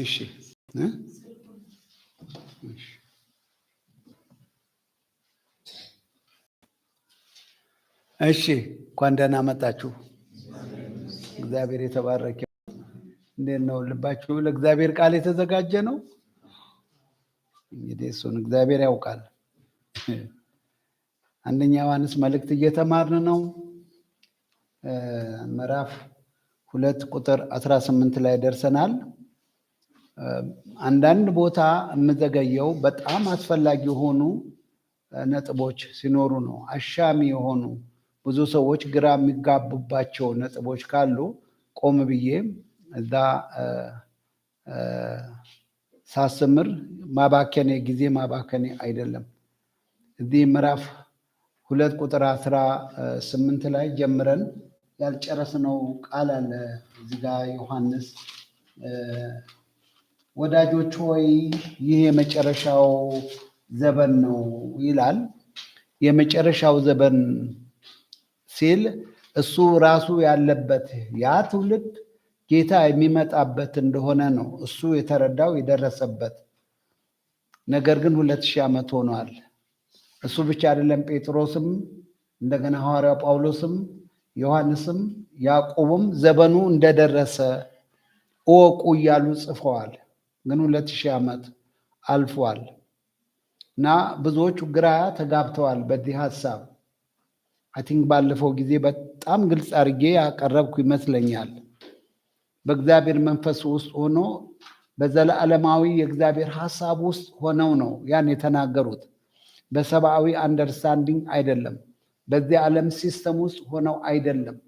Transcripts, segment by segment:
እሺ እሺ እንኳን ደህና መጣችሁ። እግዚአብሔር የተባረከ። እንዴት ነው ልባችሁ? ለእግዚአብሔር ቃል የተዘጋጀ ነው። እንግዲህ እሱን እግዚአብሔር ያውቃል። አንደኛ ዮሐንስ መልእክት እየተማርን ነው። ምዕራፍ ሁለት ቁጥር አስራ ስምንት ላይ ደርሰናል። አንዳንድ ቦታ የምዘገየው በጣም አስፈላጊ የሆኑ ነጥቦች ሲኖሩ ነው። አሻሚ የሆኑ ብዙ ሰዎች ግራ የሚጋቡባቸው ነጥቦች ካሉ ቆም ብዬ እዛ ሳስምር ማባከኔ ጊዜ ማባከኔ አይደለም። እዚህ ምዕራፍ ሁለት ቁጥር አስራ ስምንት ላይ ጀምረን ያልጨረስነው ቃል አለ እዚጋ ዮሐንስ ወዳጆች ሆይ ይህ የመጨረሻው ዘበን ነው ይላል። የመጨረሻው ዘበን ሲል እሱ ራሱ ያለበት ያ ትውልድ ጌታ የሚመጣበት እንደሆነ ነው እሱ የተረዳው የደረሰበት። ነገር ግን ሁለት ሺህ ዓመት ሆኗል። እሱ ብቻ አይደለም። ጴጥሮስም እንደገና ሐዋርያው ጳውሎስም ዮሐንስም ያዕቆብም ዘበኑ እንደደረሰ እወቁ እያሉ ጽፈዋል። ግን ሁለት ሺህ ዓመት አልፏል እና ብዙዎቹ ግራ ተጋብተዋል በዚህ ሀሳብ። አይ ቲንክ ባለፈው ጊዜ በጣም ግልጽ አድርጌ ያቀረብኩ ይመስለኛል። በእግዚአብሔር መንፈስ ውስጥ ሆኖ በዘለዓለማዊ የእግዚአብሔር ሀሳብ ውስጥ ሆነው ነው ያን የተናገሩት። በሰብአዊ አንደርስታንዲንግ አይደለም፣ በዚህ ዓለም ሲስተም ውስጥ ሆነው አይደለም።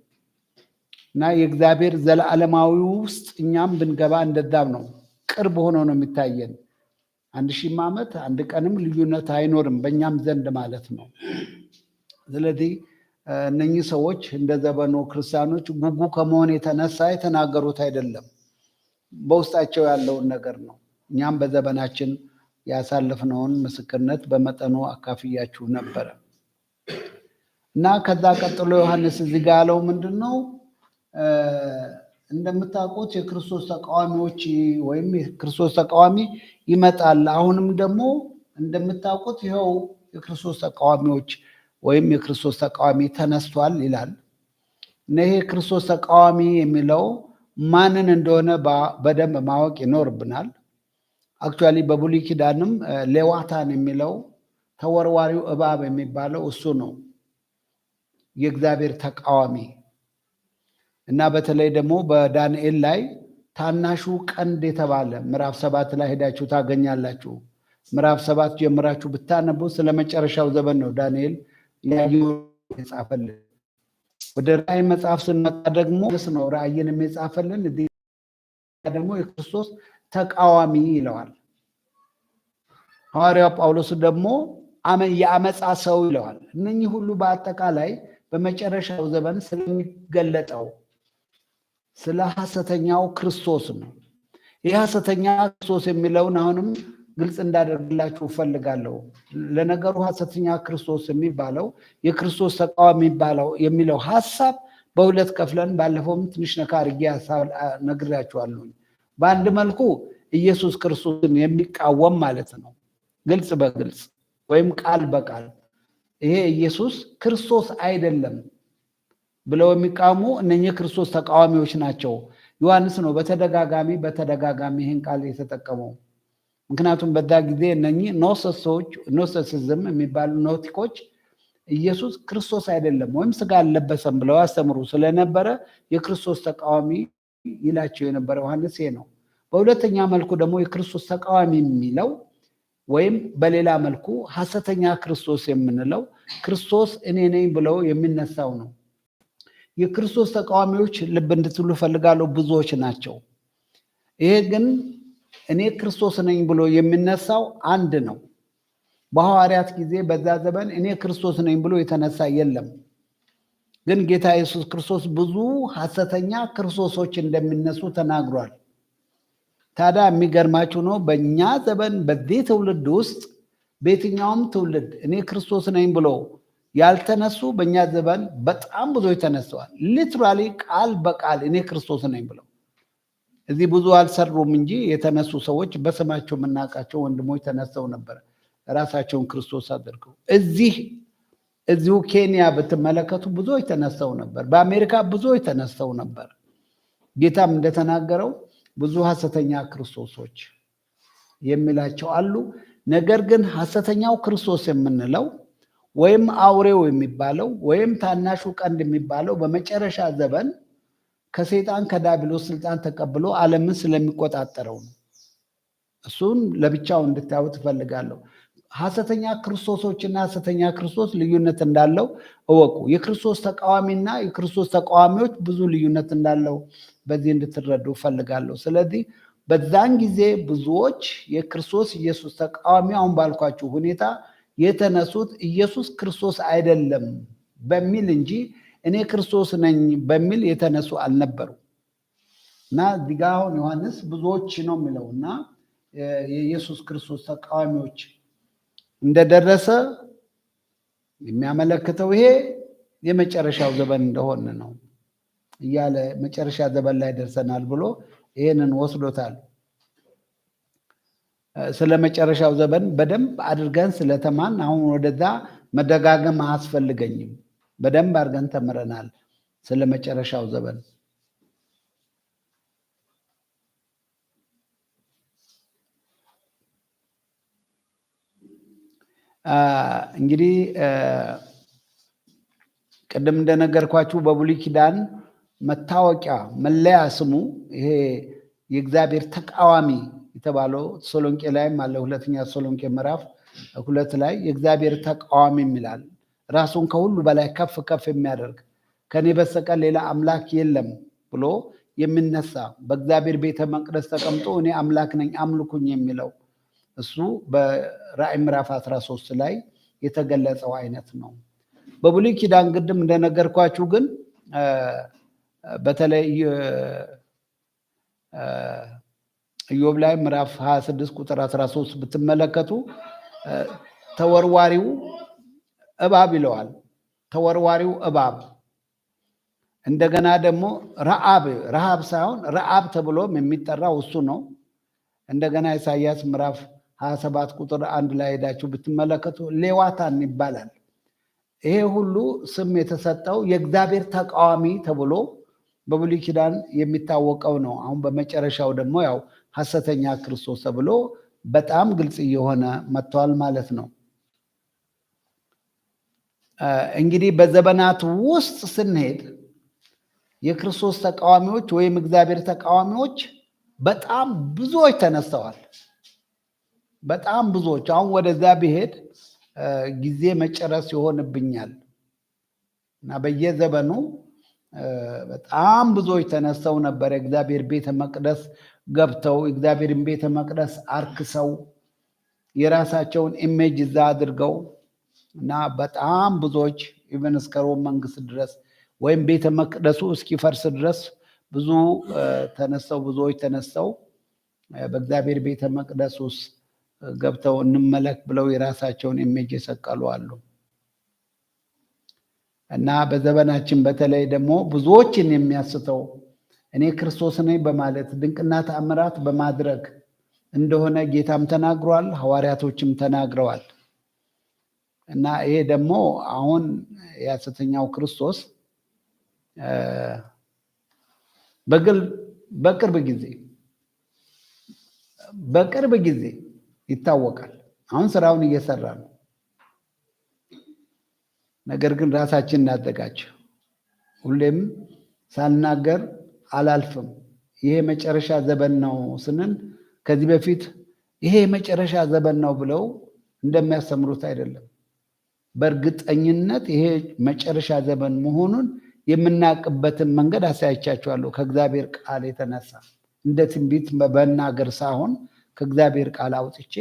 እና የእግዚአብሔር ዘለዓለማዊ ውስጥ እኛም ብንገባ እንደዛም ነው። ቅርብ ሆኖ ነው የሚታየን። አንድ ሺህም ዓመት አንድ ቀንም ልዩነት አይኖርም በእኛም ዘንድ ማለት ነው። ስለዚህ እነኚህ ሰዎች እንደ ዘበኑ ክርስቲያኖች ጉጉ ከመሆን የተነሳ የተናገሩት አይደለም፣ በውስጣቸው ያለውን ነገር ነው። እኛም በዘበናችን ያሳለፍነውን ምስክርነት በመጠኑ አካፍያችሁ ነበረ እና ከዛ ቀጥሎ ዮሐንስ እዚህ ጋ ያለው ምንድን ነው? እንደምታውቁት የክርስቶስ ተቃዋሚዎች ወይም የክርስቶስ ተቃዋሚ ይመጣል። አሁንም ደግሞ እንደምታውቁት ይኸው የክርስቶስ ተቃዋሚዎች ወይም የክርስቶስ ተቃዋሚ ተነስቷል ይላል እና ይሄ የክርስቶስ ተቃዋሚ የሚለው ማንን እንደሆነ በደንብ ማወቅ ይኖርብናል። አክቹዋሊ በብሉይ ኪዳንም ሌዋታን የሚለው ተወርዋሪው እባብ የሚባለው እሱ ነው፣ የእግዚአብሔር ተቃዋሚ እና በተለይ ደግሞ በዳንኤል ላይ ታናሹ ቀንድ የተባለ ምዕራፍ ሰባት ላይ ሄዳችሁ ታገኛላችሁ። ምዕራፍ ሰባት ጀምራችሁ ብታነቡ ስለ መጨረሻው ዘመን ነው ዳንኤል ያዩ የጻፈልን። ወደ ራእይ መጽሐፍ ስንመጣ ደግሞ ስ ነው ራእይን የጻፈልን ደግሞ የክርስቶስ ተቃዋሚ ይለዋል። ሐዋርያው ጳውሎስ ደግሞ የአመፃ ሰው ይለዋል። እነኚህ ሁሉ በአጠቃላይ በመጨረሻው ዘመን ስለሚገለጠው ስለ ሐሰተኛው ክርስቶስ ነው። ይህ ሐሰተኛ ክርስቶስ የሚለውን አሁንም ግልጽ እንዳደርግላችሁ እፈልጋለሁ። ለነገሩ ሐሰተኛ ክርስቶስ የሚባለው የክርስቶስ ተቃዋሚ የሚለው ሀሳብ በሁለት ከፍለን ባለፈውም ትንሽ ነካ አድርጌ ነግሬያችኋለሁ። በአንድ መልኩ ኢየሱስ ክርስቶስን የሚቃወም ማለት ነው፣ ግልጽ በግልጽ ወይም ቃል በቃል ይሄ ኢየሱስ ክርስቶስ አይደለም ብለው የሚቃሙ እነኚህ የክርስቶስ ተቃዋሚዎች ናቸው። ዮሐንስ ነው በተደጋጋሚ በተደጋጋሚ ይህን ቃል የተጠቀመው። ምክንያቱም በዛ ጊዜ እነኚህ ኖሰሶች ኖሰሲዝም የሚባሉ ኖቲኮች ኢየሱስ ክርስቶስ አይደለም ወይም ስጋ አለበሰም ብለው ያስተምሩ ስለነበረ የክርስቶስ ተቃዋሚ ይላቸው የነበረ ዮሐንስ ይሄ ነው። በሁለተኛ መልኩ ደግሞ የክርስቶስ ተቃዋሚ የሚለው ወይም በሌላ መልኩ ሐሰተኛ ክርስቶስ የምንለው ክርስቶስ እኔ ነኝ ብለው የሚነሳው ነው። የክርስቶስ ተቃዋሚዎች ልብ እንድትሉ ፈልጋለሁ፣ ብዙዎች ናቸው። ይሄ ግን እኔ ክርስቶስ ነኝ ብሎ የሚነሳው አንድ ነው። በሐዋርያት ጊዜ በዛ ዘመን እኔ ክርስቶስ ነኝ ብሎ የተነሳ የለም። ግን ጌታ ኢየሱስ ክርስቶስ ብዙ ሐሰተኛ ክርስቶሶች እንደሚነሱ ተናግሯል። ታዲያ የሚገርማችሁ ነው በእኛ ዘመን በዚህ ትውልድ ውስጥ በየትኛውም ትውልድ እኔ ክርስቶስ ነኝ ብሎ ያልተነሱ በእኛ ዘመን በጣም ብዙዎች ተነስተዋል። ሊትራሊ ቃል በቃል እኔ ክርስቶስ ነኝ ብለው እዚህ ብዙ አልሰሩም እንጂ የተነሱ ሰዎች በስማቸው የምናውቃቸው ወንድሞች ተነስተው ነበረ ራሳቸውን ክርስቶስ አድርገው። እዚህ እዚሁ ኬንያ ብትመለከቱ ብዙዎች ተነስተው ነበር። በአሜሪካ ብዙዎች ተነስተው ነበር። ጌታም እንደተናገረው ብዙ ሐሰተኛ ክርስቶሶች የሚላቸው አሉ። ነገር ግን ሐሰተኛው ክርስቶስ የምንለው ወይም አውሬው የሚባለው ወይም ታናሹ ቀንድ የሚባለው በመጨረሻ ዘመን ከሴጣን ከዳቢሎስ ስልጣን ተቀብሎ ዓለምን ስለሚቆጣጠረው ነው። እሱን ለብቻው እንድታዩ ትፈልጋለሁ። ሐሰተኛ ክርስቶሶችና ሐሰተኛ ክርስቶስ ልዩነት እንዳለው እወቁ። የክርስቶስ ተቃዋሚና የክርስቶስ ተቃዋሚዎች ብዙ ልዩነት እንዳለው በዚህ እንድትረዱ እፈልጋለሁ። ስለዚህ በዛን ጊዜ ብዙዎች የክርስቶስ ኢየሱስ ተቃዋሚ አሁን ባልኳችሁ ሁኔታ የተነሱት ኢየሱስ ክርስቶስ አይደለም በሚል እንጂ እኔ ክርስቶስ ነኝ በሚል የተነሱ አልነበሩ እና እዚህ ጋ አሁን ዮሐንስ ብዙዎች ነው የሚለው እና የኢየሱስ ክርስቶስ ተቃዋሚዎች እንደደረሰ የሚያመለክተው ይሄ የመጨረሻው ዘመን እንደሆነ ነው እያለ መጨረሻ ዘመን ላይ ደርሰናል ብሎ ይህንን ወስዶታል። ስለመጨረሻው ዘመን በደንብ አድርገን ስለተማን አሁን ወደዛ መደጋገም አያስፈልገኝም። በደንብ አድርገን ተምረናል ስለመጨረሻው ዘመን። እንግዲህ ቅድም እንደነገርኳችሁ በብሉይ ኪዳን መታወቂያ መለያ ስሙ ይሄ የእግዚአብሔር ተቃዋሚ የተባለው ተሰሎንቄ ላይም አለ። ሁለተኛ ተሰሎንቄ ምዕራፍ ሁለት ላይ የእግዚአብሔር ተቃዋሚ የሚላል ራሱን ከሁሉ በላይ ከፍ ከፍ የሚያደርግ ከኔ በስተቀር ሌላ አምላክ የለም ብሎ የሚነሳ በእግዚአብሔር ቤተ መቅደስ ተቀምጦ እኔ አምላክ ነኝ አምልኩኝ የሚለው እሱ በራእይ ምዕራፍ 13 ላይ የተገለጸው አይነት ነው። በብሉይ ኪዳን ግድም እንደነገርኳችሁ ግን በተለይ ኢዮብ ላይ ምዕራፍ 26 ቁጥር 13 ብትመለከቱ ተወርዋሪው እባብ ይለዋል። ተወርዋሪው እባብ እንደገና ደግሞ ረአብ ረሃብ ሳይሆን ረአብ ተብሎም የሚጠራው እሱ ነው። እንደገና ኢሳያስ ምዕራፍ 27 ቁጥር አንድ ላይ ሄዳችሁ ብትመለከቱ ሌዋታን ይባላል። ይሄ ሁሉ ስም የተሰጠው የእግዚአብሔር ተቃዋሚ ተብሎ በብሉይ ኪዳን የሚታወቀው ነው። አሁን በመጨረሻው ደግሞ ያው ሐሰተኛ ክርስቶስ ተብሎ በጣም ግልጽ እየሆነ መጥተዋል ማለት ነው። እንግዲህ በዘመናት ውስጥ ስንሄድ የክርስቶስ ተቃዋሚዎች ወይም እግዚአብሔር ተቃዋሚዎች በጣም ብዙዎች ተነስተዋል። በጣም ብዙዎች አሁን ወደዛ ብሄድ ጊዜ መጨረስ ይሆንብኛል እና በየዘመኑ በጣም ብዙዎች ተነስተው ነበር። የእግዚአብሔር ቤተ መቅደስ ገብተው የእግዚአብሔርን ቤተ መቅደስ አርክሰው የራሳቸውን ኢሜጅ እዛ አድርገው እና በጣም ብዙዎች ኢቨን እስከ ሮም መንግስት ድረስ ወይም ቤተ መቅደሱ እስኪፈርስ ድረስ ብዙ ተነስተው ብዙዎች ተነስተው በእግዚአብሔር ቤተ መቅደስ ውስጥ ገብተው እንመለክ ብለው የራሳቸውን ኢሜጅ የሰቀሉ አሉ። እና በዘመናችን በተለይ ደግሞ ብዙዎችን የሚያስተው እኔ ክርስቶስ ነኝ በማለት ድንቅና ተአምራት በማድረግ እንደሆነ ጌታም ተናግሯል፣ ሐዋርያቶችም ተናግረዋል። እና ይሄ ደግሞ አሁን የሐሰተኛው ክርስቶስ በቅርብ ጊዜ በቅርብ ጊዜ ይታወቃል። አሁን ስራውን እየሰራ ነው። ነገር ግን ራሳችን እናጠቃቸው። ሁሌም ሳልናገር አላልፍም። ይሄ መጨረሻ ዘመን ነው ስንል ከዚህ በፊት ይሄ የመጨረሻ ዘመን ነው ብለው እንደሚያስተምሩት አይደለም። በእርግጠኝነት ይሄ መጨረሻ ዘመን መሆኑን የምናውቅበትን መንገድ አሳያቻችኋለሁ። ከእግዚአብሔር ቃል የተነሳ እንደ ትንቢት በመናገር ሳይሆን ከእግዚአብሔር ቃል አውጥቼ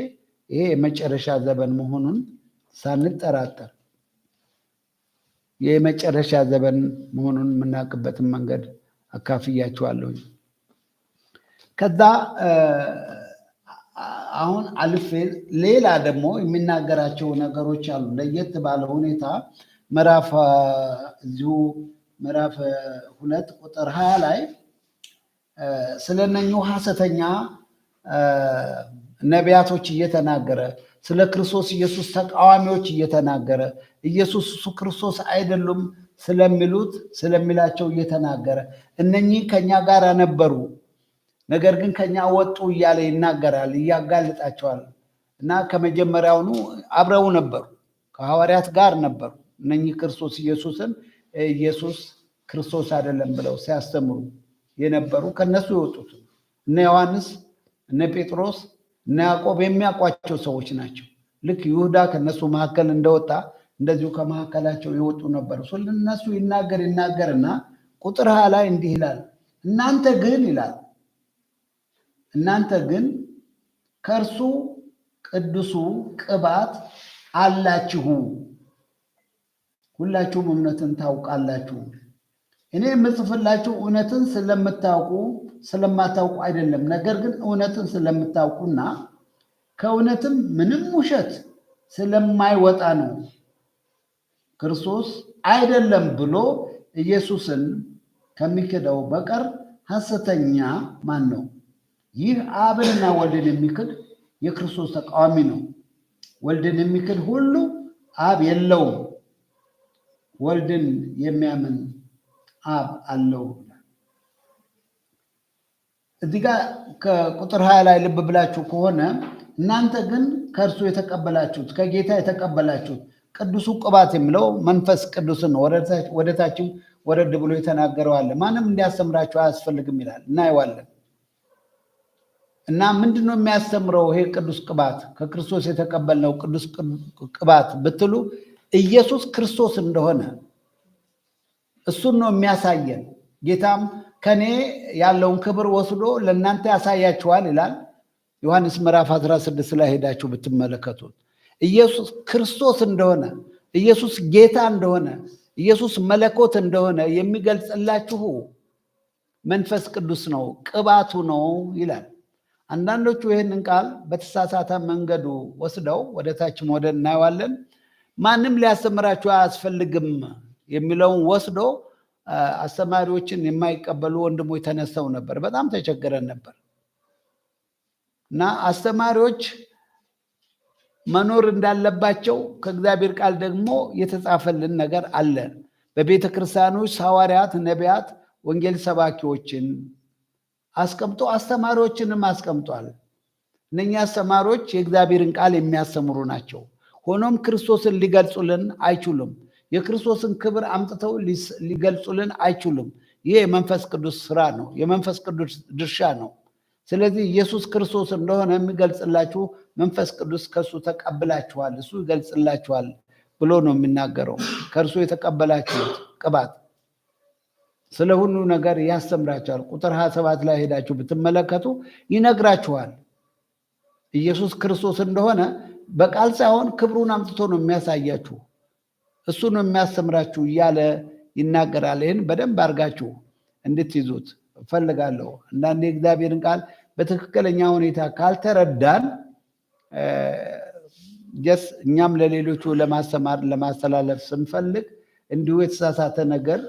ይሄ የመጨረሻ ዘመን መሆኑን ሳንጠራጠር የመጨረሻ ዘመን መሆኑን የምናውቅበትን መንገድ አካፍያችኋለሁኝ። ከዛ አሁን አልፌ ሌላ ደግሞ የሚናገራቸው ነገሮች አሉ። ለየት ባለ ሁኔታ ምዕራፍ እዚሁ ምዕራፍ ሁለት ቁጥር ሀያ ላይ ስለነኙ ሐሰተኛ ነቢያቶች እየተናገረ ስለ ክርስቶስ ኢየሱስ ተቃዋሚዎች እየተናገረ ኢየሱስ እሱ ክርስቶስ አይደሉም ስለሚሉት ስለሚላቸው እየተናገረ እነኚህ ከኛ ጋር ነበሩ፣ ነገር ግን ከኛ ወጡ እያለ ይናገራል፣ እያጋልጣቸዋል። እና ከመጀመሪያውኑ አብረው ነበሩ፣ ከሐዋርያት ጋር ነበሩ። እነኚህ ክርስቶስ ኢየሱስን ኢየሱስ ክርስቶስ አይደለም ብለው ሲያስተምሩ የነበሩ ከነሱ የወጡት እነ ዮሐንስ፣ እነ ጴጥሮስ እና ያዕቆብ የሚያውቋቸው ሰዎች ናቸው። ልክ ይሁዳ ከነሱ መካከል እንደወጣ እንደዚሁ ከመካከላቸው ይወጡ ነበር። ስለነሱ ይናገር ይናገርና ቁጥር ሀ ላይ እንዲህ ይላል፣ እናንተ ግን ይላል እናንተ ግን ከእርሱ ቅዱሱ ቅባት አላችሁ፣ ሁላችሁም እምነትን ታውቃላችሁ እኔ የምጽፍላችሁ እውነትን ስለምታውቁ ስለማታውቁ አይደለም፣ ነገር ግን እውነትን ስለምታውቁና ከእውነትም ምንም ውሸት ስለማይወጣ ነው። ክርስቶስ አይደለም ብሎ ኢየሱስን ከሚክደው በቀር ሐሰተኛ ማን ነው? ይህ አብንና ወልድን የሚክድ የክርስቶስ ተቃዋሚ ነው። ወልድን የሚክድ ሁሉ አብ የለውም። ወልድን የሚያምን አብ አለው ብሏል። እዚህ ጋር ከቁጥር ሀያ ላይ ልብ ብላችሁ ከሆነ እናንተ ግን ከእርሱ የተቀበላችሁት ከጌታ የተቀበላችሁት ቅዱሱ ቅባት የሚለው መንፈስ ቅዱስን ወደታችሁ ወረድ ብሎ የተናገረው አለ። ማንም እንዲያስተምራችሁ አያስፈልግም ይላል፣ እናየዋለን። እና ምንድን ነው የሚያስተምረው ይሄ ቅዱስ ቅባት? ከክርስቶስ የተቀበልነው ቅዱስ ቅባት ብትሉ ኢየሱስ ክርስቶስ እንደሆነ እሱን ነው የሚያሳየን። ጌታም ከኔ ያለውን ክብር ወስዶ ለእናንተ ያሳያችኋል ይላል። ዮሐንስ ምዕራፍ 16 ላይ ሄዳችሁ ብትመለከቱት ኢየሱስ ክርስቶስ እንደሆነ ኢየሱስ ጌታ እንደሆነ ኢየሱስ መለኮት እንደሆነ የሚገልጽላችሁ መንፈስ ቅዱስ ነው፣ ቅባቱ ነው ይላል። አንዳንዶቹ ይህንን ቃል በተሳሳተ መንገዱ ወስደው ወደታችም ወደ እናየዋለን። ማንም ሊያስተምራችሁ አያስፈልግም የሚለውን ወስዶ አስተማሪዎችን የማይቀበሉ ወንድሞች ተነስተው ነበር። በጣም ተቸግረን ነበር እና አስተማሪዎች መኖር እንዳለባቸው ከእግዚአብሔር ቃል ደግሞ የተጻፈልን ነገር አለ። በቤተ ክርስቲያኖች ሐዋርያት፣ ነቢያት፣ ወንጌል ሰባኪዎችን አስቀምጦ አስተማሪዎችንም አስቀምጧል። እነኛ አስተማሪዎች የእግዚአብሔርን ቃል የሚያስተምሩ ናቸው። ሆኖም ክርስቶስን ሊገልጹልን አይችሉም። የክርስቶስን ክብር አምጥተው ሊገልጹልን አይችሉም። ይህ የመንፈስ ቅዱስ ስራ ነው፣ የመንፈስ ቅዱስ ድርሻ ነው። ስለዚህ ኢየሱስ ክርስቶስ እንደሆነ የሚገልጽላችሁ መንፈስ ቅዱስ ከእሱ ተቀብላችኋል፣ እሱ ይገልጽላችኋል ብሎ ነው የሚናገረው። ከእርሱ የተቀበላችሁት ቅባት ስለ ሁሉ ነገር ያስተምራችኋል። ቁጥር ሀያ ሰባት ላይ ሄዳችሁ ብትመለከቱ ይነግራችኋል። ኢየሱስ ክርስቶስ እንደሆነ በቃል ሳይሆን ክብሩን አምጥቶ ነው የሚያሳያችሁ። እሱ ነው የሚያስተምራችሁ እያለ ይናገራል። ይህን በደንብ አድርጋችሁ እንድትይዙት እፈልጋለሁ። አንዳንድ የእግዚአብሔርን ቃል በትክክለኛ ሁኔታ ካልተረዳን ጀስ እኛም ለሌሎቹ ለማስተማር ለማስተላለፍ ስንፈልግ እንዲሁ የተሳሳተ ነገር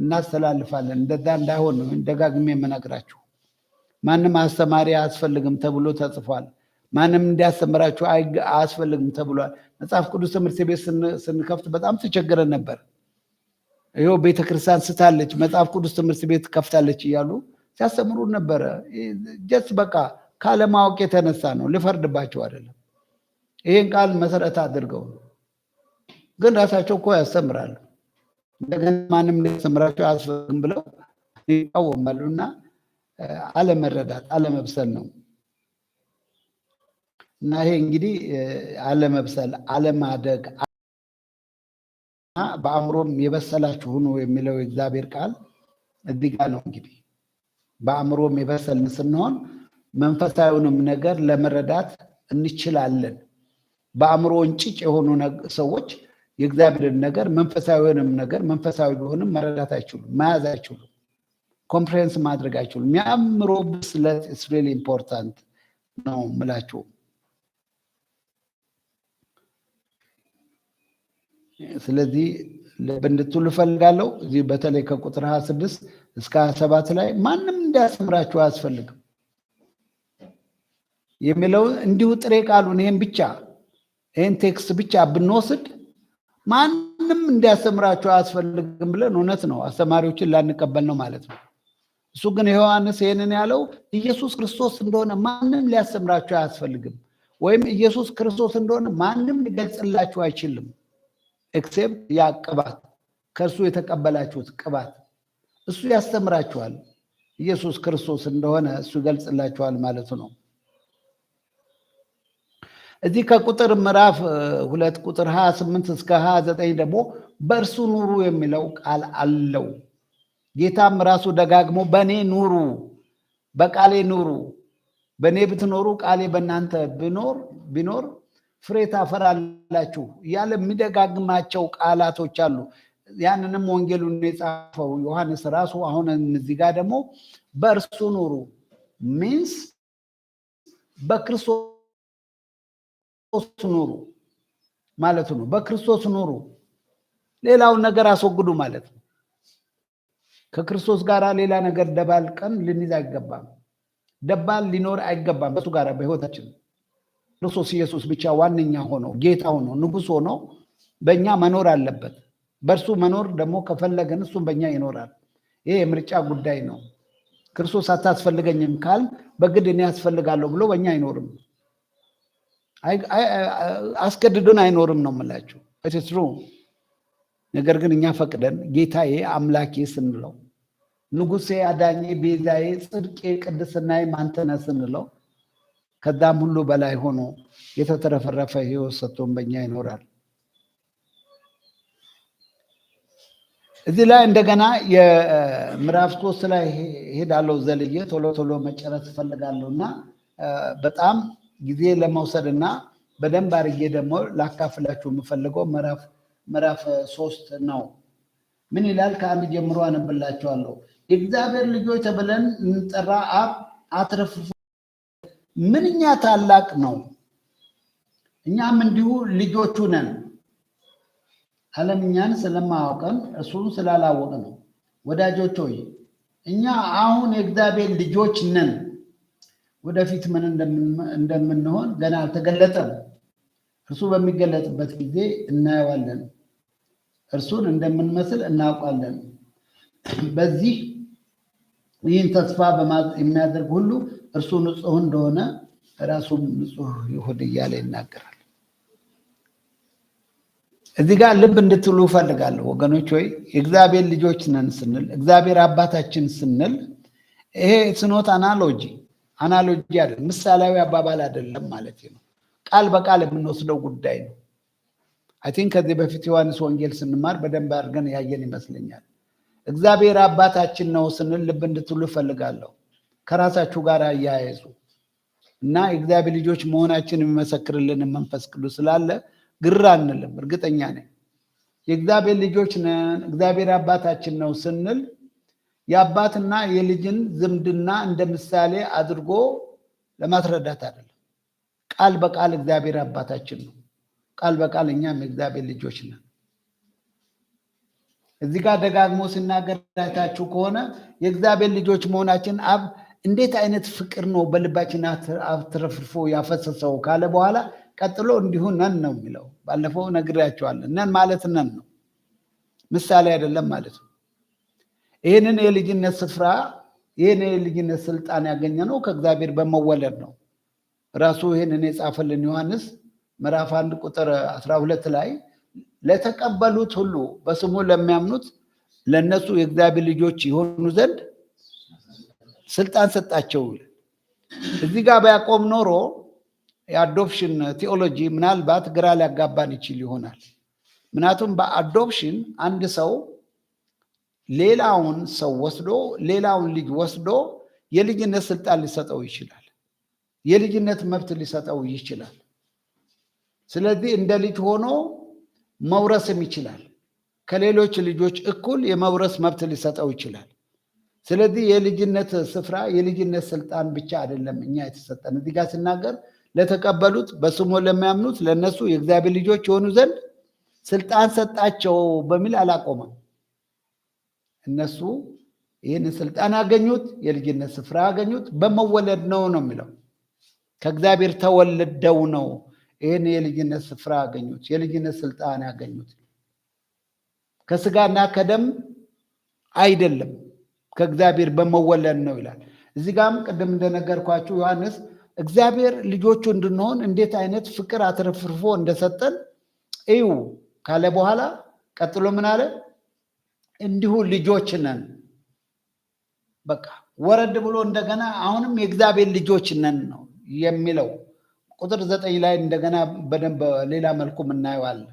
እናስተላልፋለን። እንደዛ እንዳይሆን ደጋግሜ የምነግራችሁ ማንም አስተማሪ አያስፈልግም ተብሎ ተጽፏል። ማንም እንዲያስተምራችሁ አያስፈልግም ተብሏል። መጽሐፍ ቅዱስ ትምህርት ቤት ስንከፍት በጣም ተቸግረን ነበር። ይኸው ቤተክርስቲያን ስታለች መጽሐፍ ቅዱስ ትምህርት ቤት ከፍታለች እያሉ ሲያስተምሩ ነበረ። ጀስ በቃ ካለማወቅ የተነሳ ነው። ልፈርድባቸው አይደለም። ይህን ቃል መሰረት አድርገው ነው። ግን ራሳቸው እኮ ያስተምራሉ። እንደገና ማንም ሊያስተምራቸው አያስፈልግም ብለው ይቃወማሉ። እና አለመረዳት አለመብሰል ነው። እና ይሄ እንግዲህ አለመብሰል፣ አለማደግ በአእምሮም የበሰላችሁ ሁኑ የሚለው የእግዚአብሔር ቃል እዚህ ጋ ነው። እንግዲህ በአእምሮም የበሰልን ስንሆን መንፈሳዊውንም ነገር ለመረዳት እንችላለን። በአእምሮ እንጭጭ የሆኑ ሰዎች የእግዚአብሔርን ነገር መንፈሳዊውንም ነገር መንፈሳዊ ቢሆንም መረዳት አይችሉም፣ መያዝ አይችሉም፣ ኮምፕሬንስ ማድረግ አይችሉም። የአእምሮ ብስለት ስሪል ኢምፖርታንት ነው ምላችሁ ስለዚህ እንድትሉ ልፈልጋለው እዚህ በተለይ ከቁጥር ስድስት እስከ ሰባት ላይ ማንም እንዲያስተምራችሁ አያስፈልግም የሚለው እንዲሁ ጥሬ ቃሉን ይህን ብቻ ይህን ቴክስት ብቻ ብንወስድ ማንም እንዲያስተምራቸው አያስፈልግም ብለን እውነት ነው አስተማሪዎችን ላንቀበል ነው ማለት ነው። እሱ ግን ዮሐንስ ይህንን ያለው ኢየሱስ ክርስቶስ እንደሆነ ማንም ሊያስተምራችሁ አያስፈልግም፣ ወይም ኢየሱስ ክርስቶስ እንደሆነ ማንም ሊገልጽላችሁ አይችልም ኤክሴፕት ያ ቅባት ከእሱ የተቀበላችሁት ቅባት እሱ ያስተምራችኋል ኢየሱስ ክርስቶስ እንደሆነ እሱ ይገልጽላችኋል ማለት ነው። እዚህ ከቁጥር ምዕራፍ ሁለት ቁጥር ሀያ ስምንት እስከ ሀያ ዘጠኝ ደግሞ በእርሱ ኑሩ የሚለው ቃል አለው። ጌታም ራሱ ደጋግሞ በእኔ ኑሩ፣ በቃሌ ኑሩ፣ በእኔ ብትኖሩ ቃሌ በእናንተ ቢኖር ፍሬ ታፈራላችሁ እያለ የሚደጋግማቸው ቃላቶች አሉ። ያንንም ወንጌሉን የጻፈው ዮሐንስ ራሱ አሁን እዚህ ጋር ደግሞ በእርሱ ኑሩ ሚንስ በክርስቶስ ኑሩ ማለት ነው። በክርስቶስ ኑሩ ሌላውን ነገር አስወግዱ ማለት ነው። ከክርስቶስ ጋር ሌላ ነገር ደባልቀን ልንይዝ አይገባም። ደባል ሊኖር አይገባም በሱ ጋር በህይወታችን ክርስቶስ ኢየሱስ ብቻ ዋነኛ ሆኖ ጌታ ሆኖ ንጉሥ ሆኖ በእኛ መኖር አለበት። በእርሱ መኖር ደግሞ ከፈለገን እሱም በእኛ ይኖራል። ይሄ የምርጫ ጉዳይ ነው። ክርስቶስ አታስፈልገኝም ካል በግድ እኔ ያስፈልጋለሁ ብሎ በእኛ አይኖርም። አስገድዶን አይኖርም ነው የምላችሁ። ትሩ ነገር ግን እኛ ፈቅደን ጌታዬ አምላኬ ስንለው፣ ንጉሴ፣ አዳኜ፣ ቤዛዬ፣ ጽድቄ፣ ቅድስናዬ ማንተነ ስንለው ከዛም ሁሉ በላይ ሆኖ የተተረፈረፈ ህይወት ሰጥቶን በኛ ይኖራል። እዚህ ላይ እንደገና የምዕራፍ ሶስት ላይ ሄዳለው ዘልዬ ቶሎ ቶሎ መጨረስ እፈልጋለሁ እና በጣም ጊዜ ለመውሰድ እና በደንብ አድርጌ ደግሞ ላካፍላችሁ የምፈልገው ምዕራፍ ሶስት ነው። ምን ይላል? ከአንድ ጀምሮ አነብላችኋለሁ። የእግዚአብሔር ልጆች ተብለን እንጠራ አብ አትረፍፎ ምንኛ ታላቅ ነው። እኛም እንዲሁ ልጆቹ ነን። ዓለም እኛን ስለማያውቀን እሱን ስላላወቅ ነው። ወዳጆች ሆይ እኛ አሁን የእግዚአብሔር ልጆች ነን። ወደፊት ምን እንደምንሆን ገና አልተገለጠም። እርሱ በሚገለጥበት ጊዜ እናየዋለን። እርሱን እንደምንመስል እናውቃለን። በዚህ ይህን ተስፋ የሚያደርግ ሁሉ እርሱ ንጹህ እንደሆነ ራሱም ንጹህ ይሁን እያለ ይናገራል። እዚህ ጋር ልብ እንድትሉ እፈልጋለሁ ወገኖች። ወይ የእግዚአብሔር ልጆች ነን ስንል እግዚአብሔር አባታችን ስንል ይሄ ስኖት አናሎጂ አናሎጂ አይደለም፣ ምሳሌያዊ አባባል አይደለም ማለት ነው። ቃል በቃል የምንወስደው ጉዳይ ነው። አይ ቲንክ ከዚህ በፊት ዮሐንስ ወንጌል ስንማር በደንብ አድርገን ያየን ይመስለኛል። እግዚአብሔር አባታችን ነው ስንል ልብ እንድትሉ እፈልጋለሁ። ከራሳችሁ ጋር አያያዙ እና የእግዚአብሔር ልጆች መሆናችን የሚመሰክርልን መንፈስ ቅዱስ ስላለ ግር አንልም። እርግጠኛ ነኝ የእግዚአብሔር ልጆች ነን፣ እግዚአብሔር አባታችን ነው ስንል የአባትና የልጅን ዝምድና እንደ ምሳሌ አድርጎ ለማስረዳት አይደለም። ቃል በቃል እግዚአብሔር አባታችን ነው። ቃል በቃል እኛም የእግዚአብሔር ልጆች ነን። እዚህ ጋር ደጋግሞ ሲናገር ታችሁ ከሆነ የእግዚአብሔር ልጆች መሆናችን አብ እንዴት አይነት ፍቅር ነው በልባችን አትረፍርፎ ያፈሰሰው ካለ በኋላ ቀጥሎ እንዲሁ ነን ነው የሚለው። ባለፈው ነግሬያቸዋለን። ነን ማለት ነን ነው፣ ምሳሌ አይደለም ማለት ነው። ይህንን የልጅነት ስፍራ ይህን የልጅነት ስልጣን ያገኘ ነው ከእግዚአብሔር በመወለድ ነው። ራሱ ይህንን የጻፈልን ዮሐንስ ምዕራፍ አንድ ቁጥር አስራ ሁለት ላይ ለተቀበሉት ሁሉ በስሙ ለሚያምኑት ለእነሱ የእግዚአብሔር ልጆች የሆኑ ዘንድ ስልጣን ሰጣቸው። እዚህ ጋር ባያቆም ኖሮ የአዶፕሽን ቴዎሎጂ ምናልባት ግራ ሊያጋባን ይችል ይሆናል። ምክንያቱም በአዶፕሽን አንድ ሰው ሌላውን ሰው ወስዶ ሌላውን ልጅ ወስዶ የልጅነት ስልጣን ሊሰጠው ይችላል። የልጅነት መብት ሊሰጠው ይችላል። ስለዚህ እንደ ልጅ ሆኖ መውረስም ይችላል። ከሌሎች ልጆች እኩል የመውረስ መብት ሊሰጠው ይችላል። ስለዚህ የልጅነት ስፍራ የልጅነት ስልጣን ብቻ አይደለም እኛ የተሰጠን። እዚህ ጋር ሲናገር ለተቀበሉት በስሙ ለሚያምኑት ለእነሱ የእግዚአብሔር ልጆች የሆኑ ዘንድ ስልጣን ሰጣቸው በሚል አላቆመም። እነሱ ይህን ስልጣን ያገኙት የልጅነት ስፍራ ያገኙት በመወለድ ነው ነው የሚለው ከእግዚአብሔር ተወልደው ነው ይህን የልጅነት ስፍራ ያገኙት የልጅነት ስልጣን ያገኙት ከስጋና ከደም አይደለም። ከእግዚአብሔር በመወለድ ነው ይላል። እዚህ ጋም ቅድም እንደነገርኳችሁ ዮሐንስ እግዚአብሔር ልጆቹ እንድንሆን እንዴት አይነት ፍቅር አትረፍርፎ እንደሰጠን እዩ ካለ በኋላ ቀጥሎ ምን አለ? እንዲሁ ልጆች ነን። በቃ ወረድ ብሎ እንደገና አሁንም የእግዚአብሔር ልጆች ነን ነው የሚለው። ቁጥር ዘጠኝ ላይ እንደገና በደንብ በሌላ መልኩ እናየዋለን።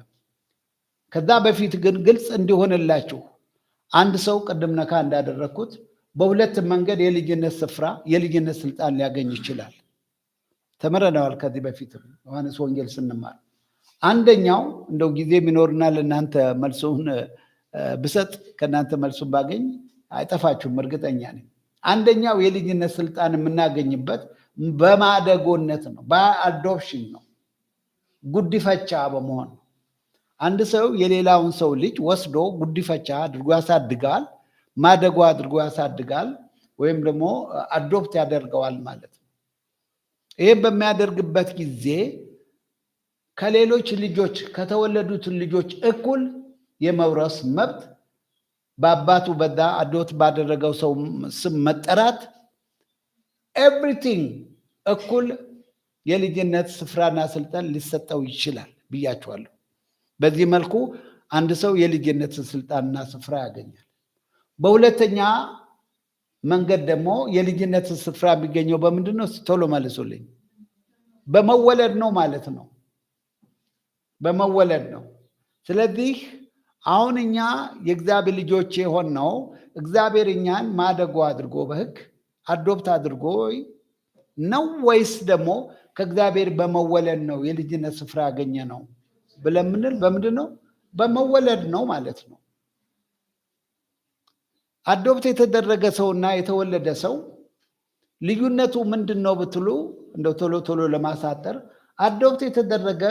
ከዛ በፊት ግን ግልጽ እንዲሆንላችሁ አንድ ሰው ቅድም ነካ እንዳደረግኩት በሁለት መንገድ የልጅነት ስፍራ የልጅነት ስልጣን ሊያገኝ ይችላል። ተምረነዋል ከዚህ በፊትም ዮሐንስ ወንጌል ስንማር። አንደኛው እንደው ጊዜ የሚኖርና ለእናንተ መልሱን ብሰጥ ከእናንተ መልሱን ባገኝ አይጠፋችሁም፣ እርግጠኛ ነኝ። አንደኛው የልጅነት ስልጣን የምናገኝበት በማደጎነት ነው፣ በአዶፕሽን ነው፣ ጉዲፈቻ በመሆን አንድ ሰው የሌላውን ሰው ልጅ ወስዶ ጉዲፈቻ አድርጎ ያሳድጋል፣ ማደጎ አድርጎ ያሳድጋል፣ ወይም ደግሞ አዶፕት ያደርገዋል ማለት ነው። ይህም በሚያደርግበት ጊዜ ከሌሎች ልጆች ከተወለዱትን ልጆች እኩል የመውረስ መብት በአባቱ በዛ አዶት ባደረገው ሰው ስም መጠራት ኤቭሪቲንግ እኩል የልጅነት ስፍራና ስልጣን ሊሰጠው ይችላል ብያቸዋለሁ። በዚህ መልኩ አንድ ሰው የልጅነትን ስልጣንና ስፍራ ያገኛል። በሁለተኛ መንገድ ደግሞ የልጅነትን ስፍራ የሚገኘው በምንድን ነው? ቶሎ መልሱልኝ። በመወለድ ነው ማለት ነው። በመወለድ ነው። ስለዚህ አሁን እኛ የእግዚአብሔር ልጆች ነው እግዚአብሔር እኛን ማደጎ አድርጎ በህግ አዶፕት አድርጎ ነው ወይስ ደግሞ ከእግዚአብሔር በመወለድ ነው የልጅነት ስፍራ ያገኘ ነው? ብለን የምንል በምንድን ነው? በመወለድ ነው ማለት ነው። አዶብት የተደረገ ሰው እና የተወለደ ሰው ልዩነቱ ምንድን ነው ብትሉ እንደው ቶሎ ቶሎ ለማሳጠር አዶብት የተደረገ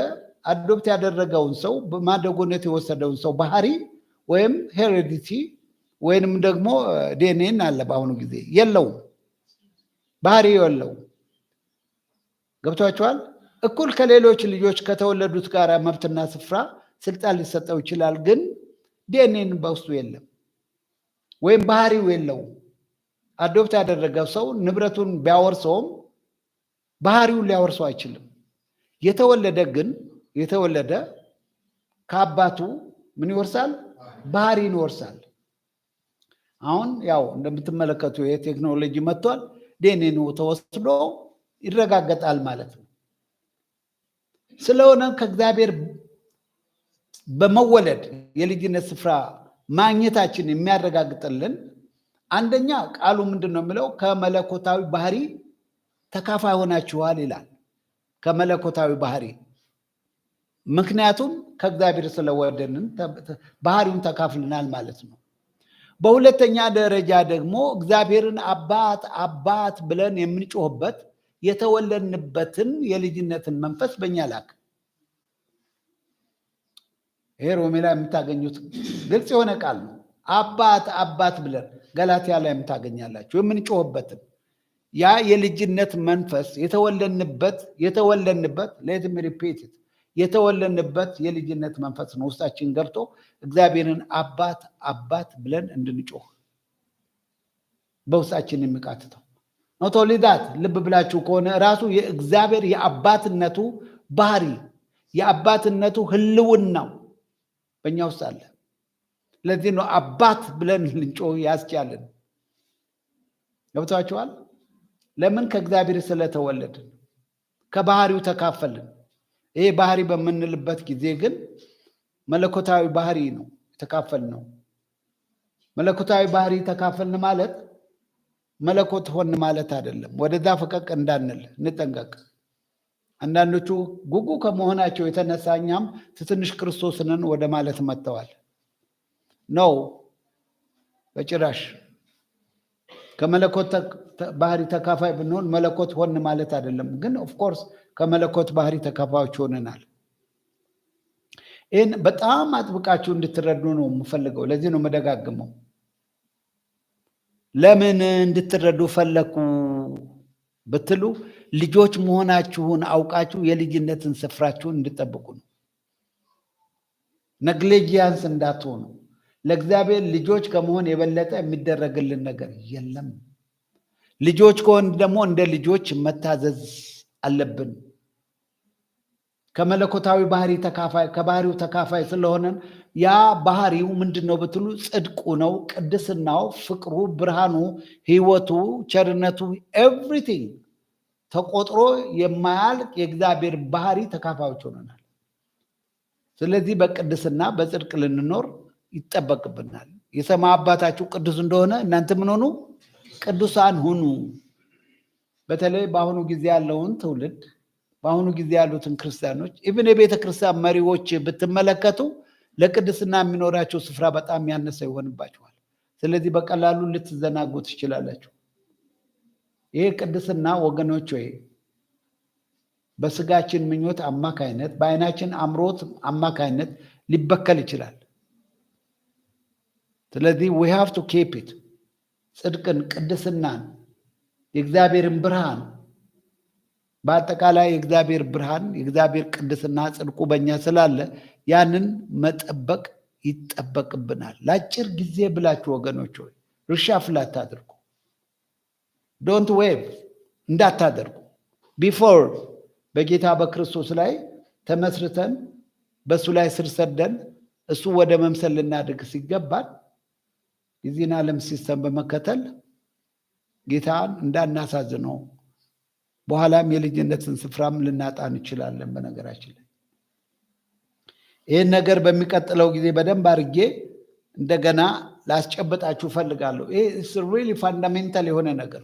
አዶብት ያደረገውን ሰው በማደጎነት የወሰደውን ሰው ባህሪ ወይም ሄሬዲቲ ወይንም ደግሞ ዴኔን አለ በአሁኑ ጊዜ የለውም፣ ባህሪ የለውም። ገብቷችኋል? እኩል ከሌሎች ልጆች ከተወለዱት ጋር መብትና ስፍራ ስልጣን ሊሰጠው ይችላል። ግን ዲኤንኤን በውስጡ የለም ወይም ባህሪው የለውም። አዶፕት ያደረገው ሰው ንብረቱን ቢያወርሰውም ባህሪውን ሊያወርሰው አይችልም። የተወለደ ግን የተወለደ ከአባቱ ምን ይወርሳል? ባህሪን ይወርሳል። አሁን ያው እንደምትመለከቱ የቴክኖሎጂ መጥቷል። ዲኤንኤ ተወስዶ ይረጋገጣል ማለት ነው። ስለሆነ ከእግዚአብሔር በመወለድ የልጅነት ስፍራ ማግኘታችን የሚያረጋግጥልን አንደኛ ቃሉ ምንድን ነው የሚለው? ከመለኮታዊ ባህሪ ተካፋይ ሆናችኋል ይላል። ከመለኮታዊ ባህሪ ምክንያቱም ከእግዚአብሔር ስለወደንን ባህሪውን ተካፍልናል ማለት ነው። በሁለተኛ ደረጃ ደግሞ እግዚአብሔርን አባት አባት ብለን የምንጮህበት የተወለድንበትን የልጅነትን መንፈስ በእኛ ላክ። ይሄ ሮሜ ላይ የምታገኙት ግልጽ የሆነ ቃል ነው። አባት አባት ብለን ገላትያ ላይ የምታገኛላችሁ የምንጮህበትን ያ የልጅነት መንፈስ የተወለድንበት የተወለድንበት ሌትም ሪፔትት የተወለድንበት የልጅነት መንፈስ ነው ውስጣችን ገብቶ እግዚአብሔርን አባት አባት ብለን እንድንጮህ በውስጣችን የሚቃትተው ኖቶሊ ልብ ብላችሁ ከሆነ ራሱ የእግዚአብሔር የአባትነቱ ባህሪ የአባትነቱ ህልውናው በእኛ ውስጥ አለ። ለዚህ ነው አባት ብለን ልንጮህ ያስቻልን። ገብቷችኋል? ለምን ከእግዚአብሔር ስለተወለድን ከባህሪው ተካፈልን። ይሄ ባህሪ በምንልበት ጊዜ ግን መለኮታዊ ባህሪ ነው የተካፈል ነው። መለኮታዊ ባህሪ ተካፈልን ማለት መለኮት ሆን ማለት አይደለም። ወደዛ ፈቀቅ እንዳንል እንጠንቀቅ። አንዳንዶቹ ጉጉ ከመሆናቸው የተነሳ እኛም ትንሽ ክርስቶስንን ወደ ማለት መጥተዋል። ነው በጭራሽ ከመለኮት ባህሪ ተካፋይ ብንሆን መለኮት ሆን ማለት አይደለም። ግን ኦፍኮርስ ከመለኮት ባህሪ ተካፋዮች ሆነናል። ይህን በጣም አጥብቃችሁ እንድትረዱ ነው የምፈልገው። ለዚህ ነው የምደጋግመው። ለምን እንድትረዱ ፈለኩ ብትሉ ልጆች መሆናችሁን አውቃችሁ የልጅነትን ስፍራችሁን እንድጠብቁ ነው። ነግሌጂያንስ እንዳትሆኑ። ለእግዚአብሔር ልጆች ከመሆን የበለጠ የሚደረግልን ነገር የለም። ልጆች ከሆን ደግሞ እንደ ልጆች መታዘዝ አለብን። ከመለኮታዊ ባህሪ ተካፋይ ከባህሪው ተካፋይ ስለሆነን ያ ባህሪው ምንድን ነው ብትሉ ጽድቁ ነው፣ ቅድስናው፣ ፍቅሩ፣ ብርሃኑ፣ ህይወቱ፣ ቸርነቱ ኤቭሪቲንግ ተቆጥሮ የማያልቅ የእግዚአብሔር ባህሪ ተካፋዮች ሆነናል። ስለዚህ በቅድስና በጽድቅ ልንኖር ይጠበቅብናል። የሰማ አባታችሁ ቅዱስ እንደሆነ እናንተ ምን ሆኑ? ቅዱሳን ሁኑ። በተለይ በአሁኑ ጊዜ ያለውን ትውልድ በአሁኑ ጊዜ ያሉትን ክርስቲያኖች ኢቭን የቤተ ክርስቲያን መሪዎች ብትመለከቱ ለቅድስና የሚኖራቸው ስፍራ በጣም ያነሰ ይሆንባቸዋል ስለዚህ በቀላሉ ልትዘናጉ ትችላላችሁ። ይሄ ቅድስና ወገኖች ወይ በስጋችን ምኞት አማካይነት በአይናችን አምሮት አማካይነት ሊበከል ይችላል። ስለዚህ ዊ ሃቭ ቱ ኬፕ ኢት ጽድቅን፣ ቅድስናን፣ የእግዚአብሔርን ብርሃን በአጠቃላይ የእግዚአብሔር ብርሃን የእግዚአብሔር ቅድስና ጽድቁ በእኛ ስላለ ያንን መጠበቅ ይጠበቅብናል። ለአጭር ጊዜ ብላችሁ ወገኖች ሆይ እርሻ ፍላት አታድርጉ። ዶንት ዌብ እንዳታደርጉ ቢፎር በጌታ በክርስቶስ ላይ ተመስርተን በእሱ ላይ ስር ሰደን እሱ ወደ መምሰል ልናድግ ሲገባል የዚህን ዓለም ሲስተም በመከተል ጌታን እንዳናሳዝነው በኋላም የልጅነትን ስፍራም ልናጣ እንችላለን። በነገራችን ላይ ይህን ነገር በሚቀጥለው ጊዜ በደንብ አድርጌ እንደገና ላስጨበጣችሁ ፈልጋለሁ። ይህ ሪሊ ፋንዳሜንታል የሆነ ነገር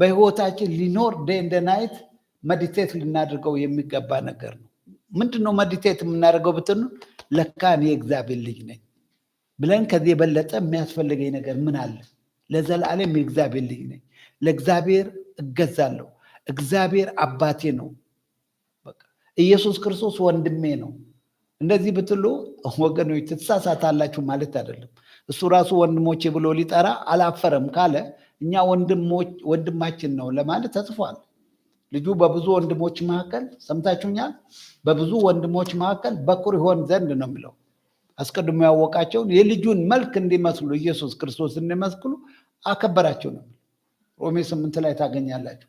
በህይወታችን ሊኖር ዴይ ኤንድ ናይት መዲቴት ልናደርገው የሚገባ ነገር ነው። ምንድን ነው መዲቴት የምናደርገው ብትኑ ለካ እኔ ልጅ ነኝ ብለን ከዚህ የበለጠ የሚያስፈልገኝ ነገር ምን አለ? ለዘላለም የእግዚአብሔር ልጅ ነኝ። ለእግዚአብሔር እገዛለሁ። እግዚአብሔር አባቴ ነው። ኢየሱስ ክርስቶስ ወንድሜ ነው። እንደዚህ ብትሉ ወገኖች ትሳሳታላችሁ ማለት አይደለም። እሱ ራሱ ወንድሞቼ ብሎ ሊጠራ አላፈረም ካለ እኛ ወንድማችን ነው ለማለት ተጽፏል። ልጁ በብዙ ወንድሞች መካከል ሰምታችሁኛል። በብዙ ወንድሞች መካከል በኩር ይሆን ዘንድ ነው የሚለው። አስቀድሞ ያወቃቸውን የልጁን መልክ እንዲመስሉ ኢየሱስ ክርስቶስ እንዲመስሉ አከበራቸው ነው። ሮሜ ስምንት ላይ ታገኛላችሁ።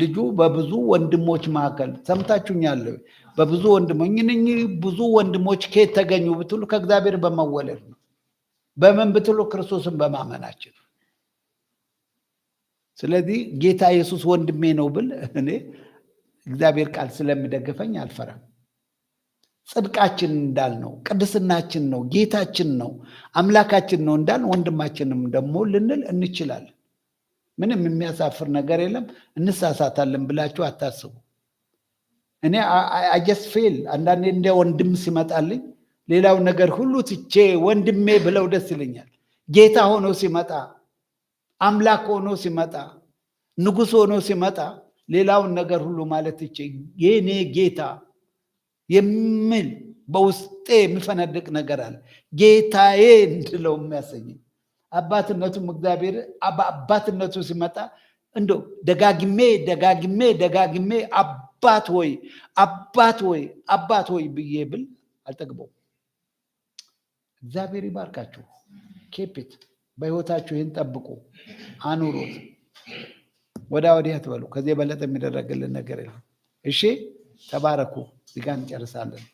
ልጁ በብዙ ወንድሞች መካከል ሰምታችሁኛል። በብዙ ወንድሞች እኚህ ብዙ ወንድሞች ከየት ተገኙ ብትሉ ከእግዚአብሔር በመወለድ ነው። በምን ብትሉ ክርስቶስን በማመናችን። ስለዚህ ጌታ ኢየሱስ ወንድሜ ነው ብል እኔ እግዚአብሔር ቃል ስለሚደግፈኝ አልፈራም። ጽድቃችን እንዳል ነው፣ ቅድስናችን ነው፣ ጌታችን ነው፣ አምላካችን ነው እንዳል ወንድማችንም ደግሞ ልንል እንችላለን። ምንም የሚያሳፍር ነገር የለም። እንሳሳታለን ብላችሁ አታስቡ። እኔ አጀስ ፌል አንዳንዴ እንደ ወንድም ሲመጣልኝ ሌላው ነገር ሁሉ ትቼ ወንድሜ ብለው ደስ ይለኛል። ጌታ ሆኖ ሲመጣ፣ አምላክ ሆኖ ሲመጣ፣ ንጉሥ ሆኖ ሲመጣ ሌላውን ነገር ሁሉ ማለት ትቼ የኔ ጌታ የሚል በውስጤ የሚፈነድቅ ነገር አለ። ጌታዬ እንድለው የሚያሰኝ። አባትነቱም እግዚአብሔር በአባትነቱ ሲመጣ እንዶ ደጋግሜ ደጋግሜ ደጋግሜ አባት ወይ አባት ወይ አባት ወይ ብዬ ብል አልጠግበውም። እግዚአብሔር ይባርካችሁ። ኬፒት በህይወታችሁ ይህን ጠብቁ፣ አኑሮት። ወዳ ወዲህ አትበሉ። ከዚህ የበለጠ የሚደረግልን ነገር የለም። እሺ፣ ተባረኩ። እዚጋ እንጨርሳለን።